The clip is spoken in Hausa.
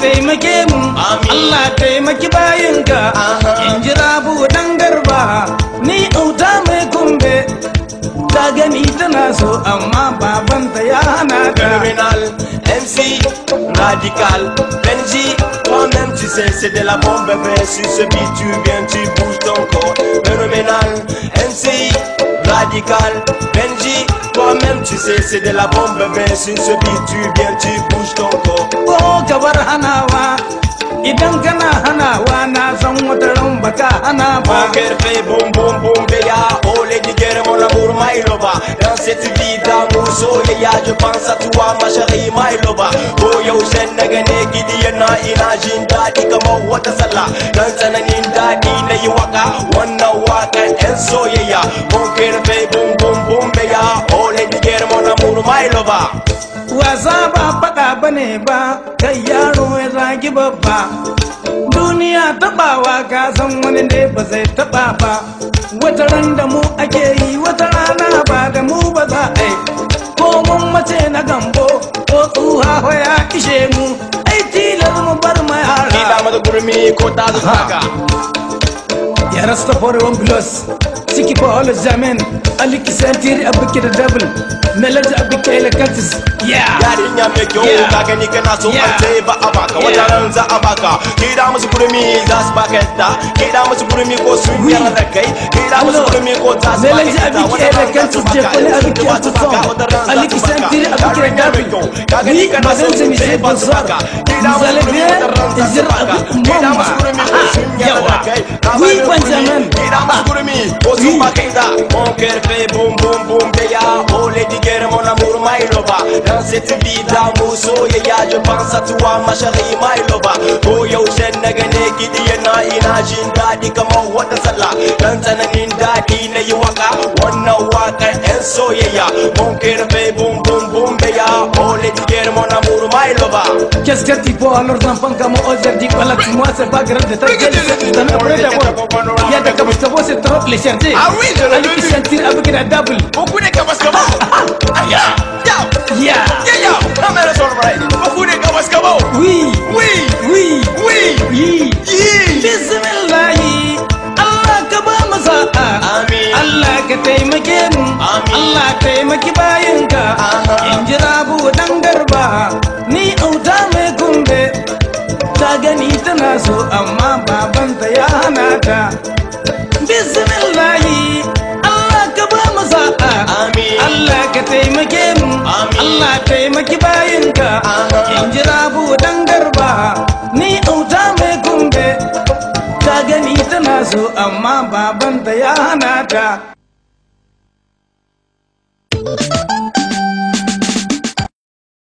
taimake mu Allah taimaki bayinka in jira budan garba ni auta mai kumbe ta gani tana so amma babanta ya hana ka MC radical Benji toi-même tu sais c'est de la bombe mais sur ce beat tu viens tu bouges ton corps phénoménal MC radical Benji toi-même c'est de la bombe, mais si ce tu bien tu bouges ton corps. Oh, Kawara Hanawa, idan kana hanawa na san wata ran baka hana ba. fait boum boum boum béa, oh les niggers, mon amour Maïlova. Dans cette vie d'amour soleil, je pense à toi ma chérie Maïlova. Oh yo, j'ai n'a guidé. na ina jin daɗi kamar wata sallah don tsananin daɗi na yi waka wannan waka yan soyayya mun kirfe bum bum bum ya ole diger mona muru mai loba wasa ba faɗa bane ba kai yaro ya zagi babba duniya taɓawa ka san wani ne ba zai taɓa ba wata ran da mu ake yi wata rana turmi ko ta zaga ya rasta for one plus ciki fa all zaman aliki santiri abuki da double melange abuki ila kantis yeah yarinya mai kyau ka gani kana so arte ba a baka wata ran za a baka ke da musu kurmi za su baka yadda ke da musu kurmi ko sun Mon cœur fait boum boum boum béa Oh Lady Girl mon amour my Dans cette vie d'amour soyayya Je pense à toi ma chérie my lover Ko yaushe e na qui gidi yana ina jin daɗi kamar wata sallah Dan tsananin daɗi na yi waka Wannan wakar 'yan soyayya Mon cœur fait boum ba kes jarti bo alor zan banka ozer di de ta y'a trop ah oui je l'ai sentir avec la double beaucoup de ya ya ya ya ya amin Allah Allah taimake mu Allah taimaki bayinka in jira rabu dan garba ni auta mai gumbe ta gani tana zo amma babanta ya hana ta